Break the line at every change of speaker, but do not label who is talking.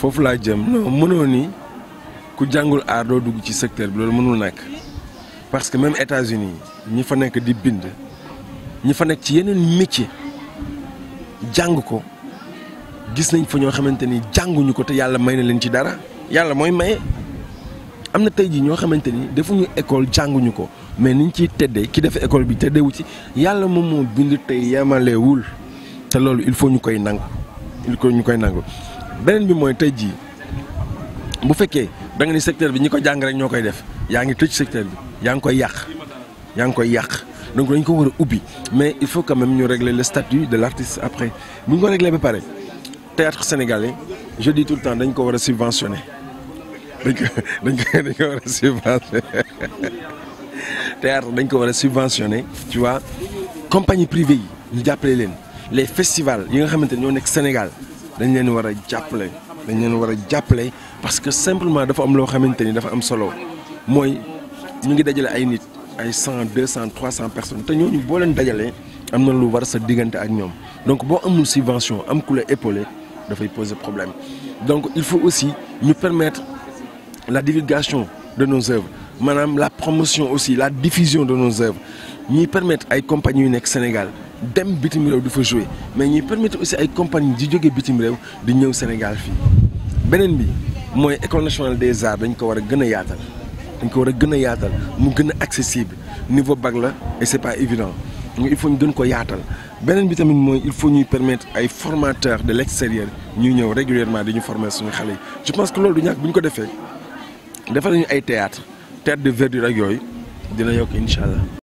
foofu laa jëm non mënoo ni ku jàngul aar doo dugg ci secteur bi loolu mënul nekk parce que même États-Unis ñi fa nekk di bind ñi fa nekk ci yeneen métier jàng ko gis nañ fa ñoo xamante ni jànguñu ko te yàlla may na leen ci dara yàlla mooy maye am na tey jii ñoo xamante ni defuñu école jànguñu ko mais niñ ciy tëddee ki def école bi tëddeewu ci yàlla moom moo bind tey yemalewul te loolu il faut ñu koy nangu il faut ñu koy nangu. benen bi moy tey jii bu fekkee da nga ni secteur bi ñi ko jàng rek ñoo def yaa ngi tëj secteur bi yaa ngi koy yàq yaa koy yàq donc dañ ko wara ubi. mais il faut quand même ñu régler le statut de l'artiste après bu ñu ko régler ba pare théâtre sénégalais je dis tout le temps dañ ko wara a subventionné dañ ko dañ ko dañ ko subventionné théâtre dañ ko wara a subventionné tu vois compagnie privée yi ñu jàppale leen les festivals yi nga xamanteni ne ñoo nekk Sénégal dañ leen war a parce que simplement dafa am loo xamante dafa am solo mooy ñu ngi personnes te ñooñu leen dajalee am na lu war sa ak donc subvention am ku la épaulé poser problème donc il faut aussi nous permettre la divulgation de nos œuvres Madame la promotion aussi la diffusion de nos œuvres Nous permettre ay compagnies yu nekk Sénégal dem bitim Rew di fa jouer mais nous permettre aussi ay compagnies di jóge bitim de di au Sénégal fii beneen bi mooy nationale des arts dañ ko war a gën a yaatal dañ ko war a gën accessible niveau bac la et c'est pas évident il faut ñu gën ko yaatal beneen bi tamit moy il faut ñuy permettre ay formateurs de l'extérieur ñu ñëw régulièrement di ñu former suñu xalé. je pense que loolu du ñak buñ ko défé defal ñu ay théâtre terre de verdure ak yooyu dina yokk incha allah.